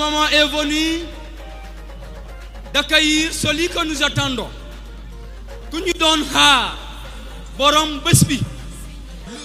moment est venu d'accueillir celui que nous attendons que nous doon xaar borom bés bi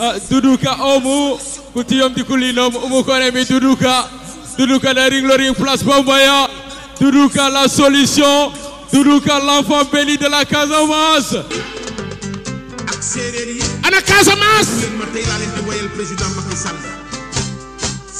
ah, duduka omu kutiyomti kulinomu umukonemi duduka duduka la ring ring place bombaya duduka la solution duduka l'enfant béni de la Casamance ana Casamance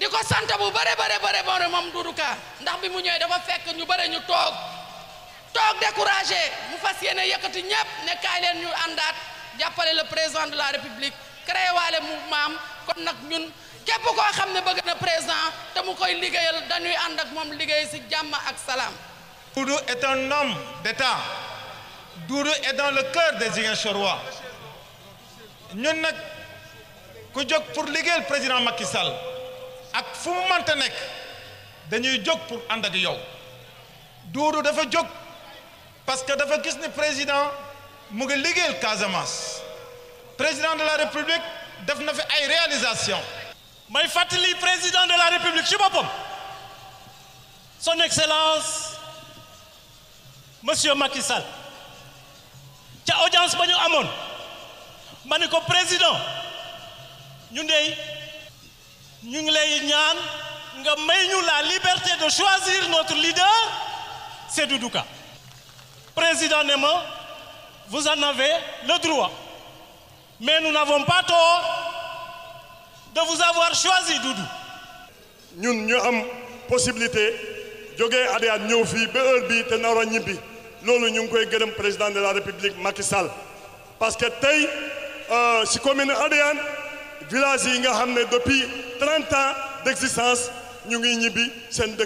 diko sante bu bare bare bare bare mom Doudou ndax bi mu ñëwee dafa fekk ñu bare ñu toog toog décourager mu fas yéene yëkkati né kay kaay leen ñu àndaat jappalé le président de la république créé walé mouvement kon nak ñun képp ko xamné bëgg na président té mu koy ligéyal dañuy ànd ak moom liggéey ci jamm ak salam Doudou est un homme d'État Doudou est dans le cœur des Ziguinchorois ñun nag ku jóg pour liggéeyal président Macky Sall ak fu mu mënta nekk dañuy jóg pour ànd ak yow Doudou dafa jóg parce que dafa gis ni président mu ngi liggéeyal Casamance président de la république def na fi ay réalisation may fàttali président de la république ci boppam son excellence monsieur Macky Sall ca audience ba ñu amoon ma ni ko président ñu ndey nous, les lay ñaan nga la liberté de choisir notre leader c'est Doudouka. président vous en avez le droit mais nous n'avons pas tort de vous avoir choisi Doudou Nous avons la possibilité de Adéane ñëw fii ba heure bii te président de la république Macky Sall parce que euh, si commune Adéane village depuis 30 ans d'existence nous avons ñibbi seen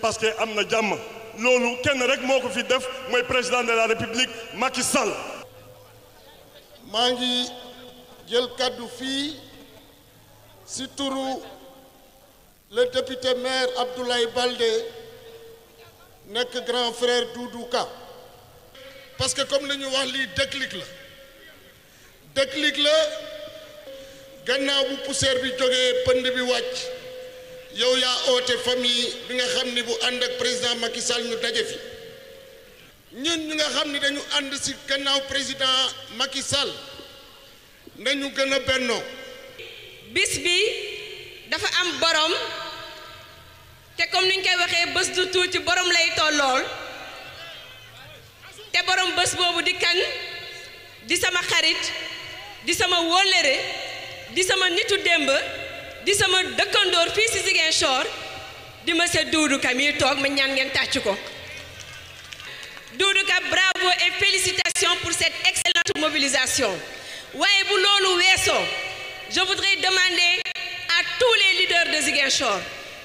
parce que nous. avons jàmm loolu kenn rek qui président de la république Macky Sall. Mangi ngi jël le député maire Abdoulaye Balde le grand frère Doudouka parce que comme nous avons dit, lii déclic la déclic gannaaw bu poussière bi jógee pënd bi wàcc yow yaa oote famille bi nga xam ni bu ànd ak président Macky Sall ñu daje fi ñun ñi nga xam ni dañu ànd si gannaaw président Macky Sall nañu gën a bennoo bis bi dafa am borom te comme ni koy waxee bés du tuuti borom lay tollool te borom bés boobu di kan di sama xarit di sama wóllëre di sama nitu démb di sama dëkkandoor fii si Ziguinchor di se Doudou Ka mi tok ma ñaan ngeen tàcc ko Doudou Ka bravo et félicitations pour cette excellente mobilisation waye bu lolu wesso je voudrais demander à tous les leaders de Ziguinchor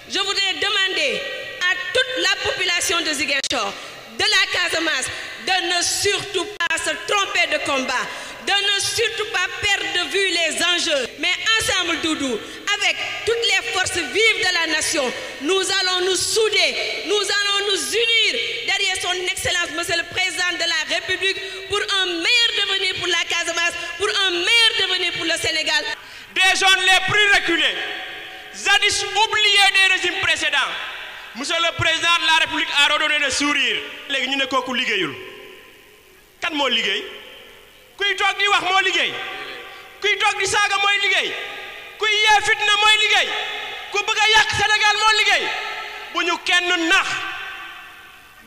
je voudrais demander à toute la population de Ziguinchor de la Casamance de ne surtout pas se tromper de combat de ne surtout pas perdre de vue les enjeux. Mais ensemble, Doudou, avec toutes les forces vives de la nation, nous allons nous souder, nous allons nous unir derrière son Excellence, Monsieur le Président de la République, pour un meilleur devenir pour la Casamance, pour un meilleur devenir pour le Sénégal. Des gens les plus reculés, zadis oublié des régimes précédents. Monsieur le Président de la République a redonné le sourire. Les ne كي جوغ دي واخ مو ليغي كوي جوغ دي ساغا موي ليغي كوي يا فتنه موي ليغي كو بغا ياك سنغال مو ليغي بونو كين ناخ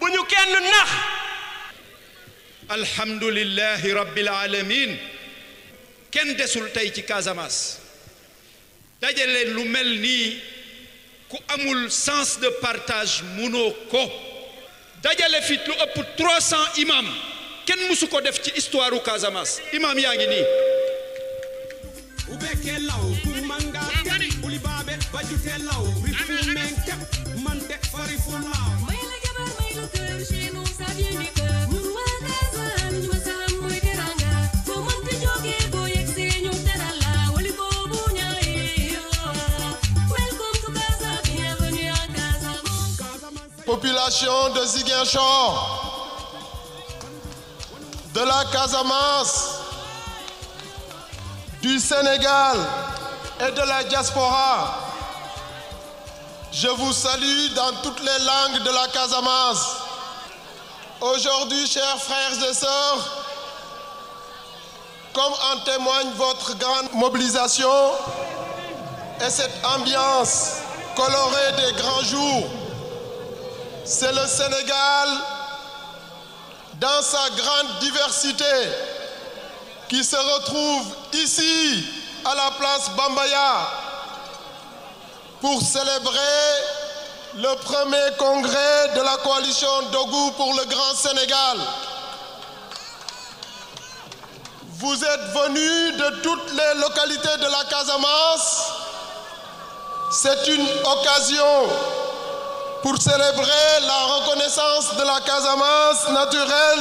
بونو كين ناخ الحمد لله رب العالمين كين دسول تاي تي كازاماس داجال لين لو ملني كو امول سانس دو بارتاج مونوكو داجال فيت لو اوب 300 امام def ci histoire Casamance population de Ziguinchor de la Casamance, du Sénégal et de la diaspora. Je vous salue dans toutes les langues de la Casamance. Aujourd'hui, chers frères et sœurs, comme en témoigne votre grande mobilisation et cette ambiance colorée des grands jours, c'est le Sénégal dans sa grande diversité, qui se retrouve ici, à la place Bambaya, pour célébrer le premier congrès de la coalition Dogou pour le Grand Sénégal. Vous êtes venus de toutes les localités de la Casamance. C'est une occasion pour célébrer la rencontre de la Casamance naturelle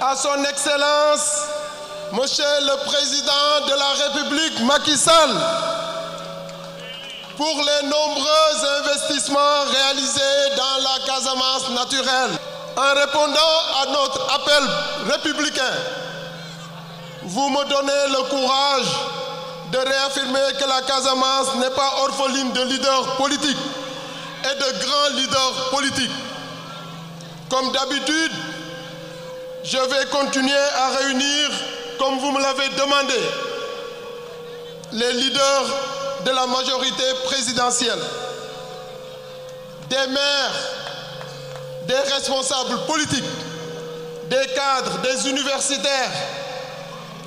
à son Excellence, Monsieur le Président de la République Macky Sall, pour les nombreux investissements réalisés dans la Casamance naturelle. En répondant à notre appel républicain, vous me donnez le courage de réaffirmer que la Casamance n'est pas orpheline de leaders politiques et de grands leaders politiques. Comme d'habitude, je vais continuer à réunir, comme vous me l'avez demandé, les leaders de la majorité présidentielle, des maires, des responsables politiques, des cadres, des universitaires,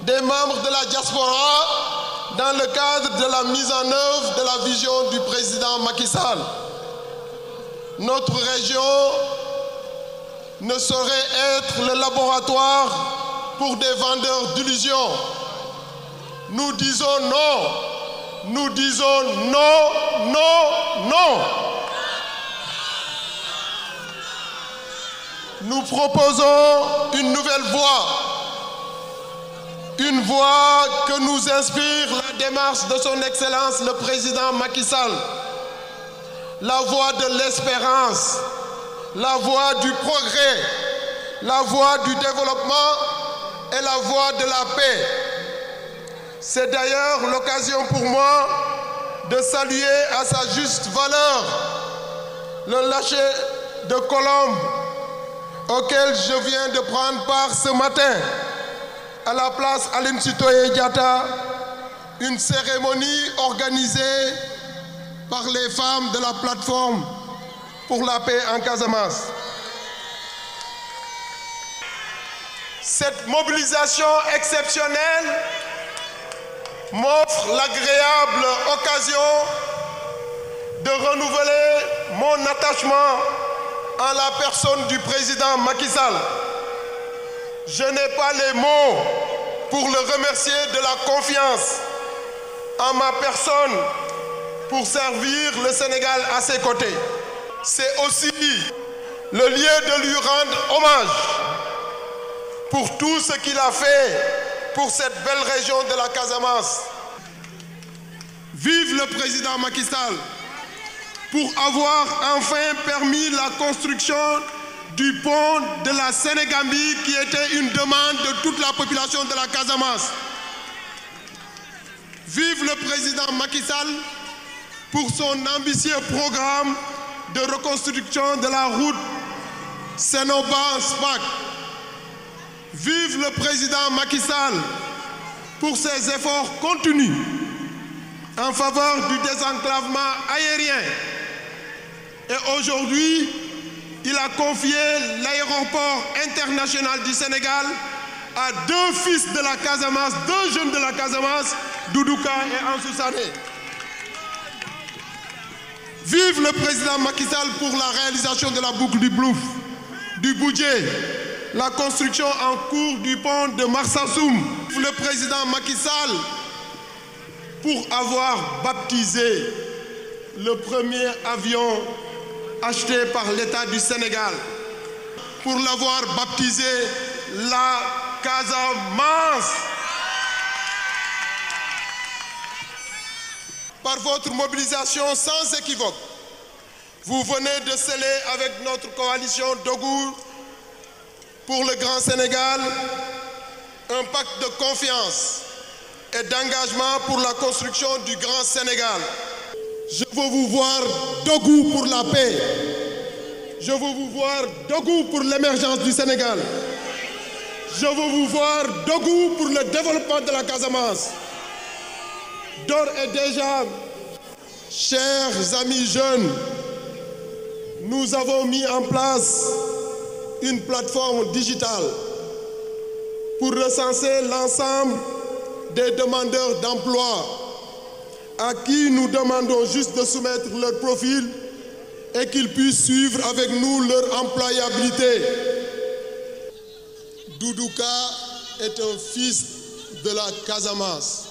des membres de la diaspora dans le cadre de la mise en œuvre de la vision du président Macky Sall. Notre région ne saurait être le laboratoire pour des vendeurs d'illusions. Nous disons non, nous disons non, non, non. Nous proposons une nouvelle voie, une voie que nous inspire la démarche de son Excellence le Président Macky Sall, la voie de l'espérance, la voie du progrès, la voie du développement et la voie de la paix. C'est d'ailleurs l'occasion pour moi de saluer à sa juste valeur le lâcher de colombe auquel je viens de prendre part ce matin à la place Aline Sitoye Diata, une cérémonie organisée par les femmes de la plateforme pour la paix en Casamance. Cette mobilisation exceptionnelle m'offre l'agréable occasion de renouveler mon attachement à la personne du président Macky Sall. Je n'ai pas les mots pour le remercier de la confiance en ma personne pour servir le Sénégal à ses côtés c'est aussi le lieu de lui rendre hommage pour tout ce qu'il a fait pour cette belle région de la Casamance. Vive le président Macky Sall pour avoir enfin permis la construction du pont de la Sénégambie qui était une demande de toute la population de la Casamance. Vive le président Macky Sall pour son ambitieux programme de reconstruction de la route Sénoban-Spac. Vive le président Macky Sall pour ses efforts continus en faveur du désenclavement aérien. Et aujourd'hui, il a confié l'aéroport international du Sénégal à deux fils de la Casamance, deux jeunes de la Casamance, Doudouka et Ansou Vive le président Macky Sall pour la réalisation de la boucle du Blouf, du budget, la construction en cours du pont de Marsassoum. Le président Macky Sall pour avoir baptisé le premier avion acheté par l'État du Sénégal, pour l'avoir baptisé la Casa Casamance. par votre mobilisation sans équivoque, vous venez de sceller avec notre coalition Dogour pour le Grand Sénégal un pacte de confiance et d'engagement pour la construction du Grand Sénégal. Je veux vous voir Dogou pour la paix. Je veux vous voir Dogou pour l'émergence du Sénégal. Je veux vous voir Dogou pour le développement de la Casamance. D'ores et déjà, chers amis jeunes, nous avons mis en place une plateforme digitale pour recenser l'ensemble des demandeurs d'emploi à qui nous demandons juste de soumettre leur profil et qu'ils puissent suivre avec nous leur employabilité. Doudouka est un fils de la Casamance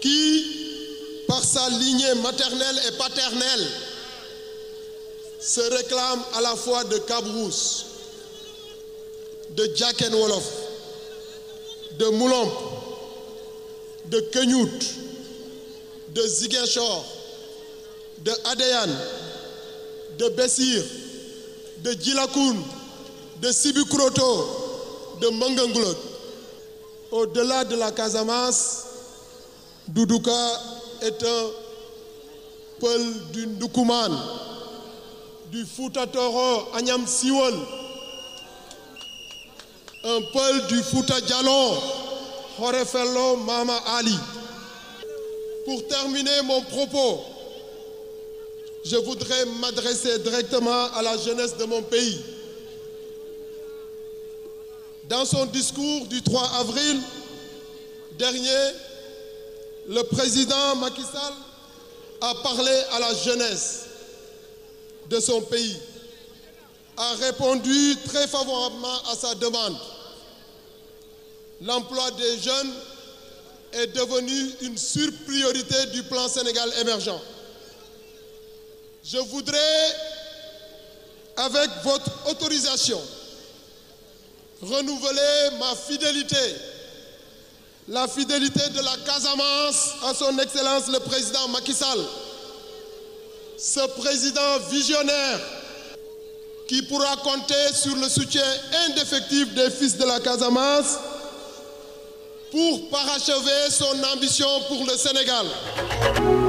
qui, par sa lignée maternelle et paternelle, se réclame à la fois de Cabrousse, de Jack Wolof, de Moulomp, de Kenyout, de Ziguinchor, de Adeyan, de Bessir, de Djilakoun, de Sibukroto, de Manganglot. Au-delà de la Casamance, Doudouka est un peul du Ndoukouman, du Toro, Anyam Siwon, un pôle du Fouta Djalon, Horefello Mama Ali. Pour terminer mon propos, je voudrais m'adresser directement à la jeunesse de mon pays. Dans son discours du 3 avril dernier, le président Macky Sall a parlé à la jeunesse de son pays, a répondu très favorablement à sa demande. L'emploi des jeunes est devenu une surpriorité du plan Sénégal émergent. Je voudrais, avec votre autorisation, renouveler ma fidélité la fidélité de la Casamance à son Excellence le Président Macky Sall. Ce président visionnaire qui pourra compter sur le soutien indéfectible des fils de la Casamance pour parachever son ambition pour le Sénégal.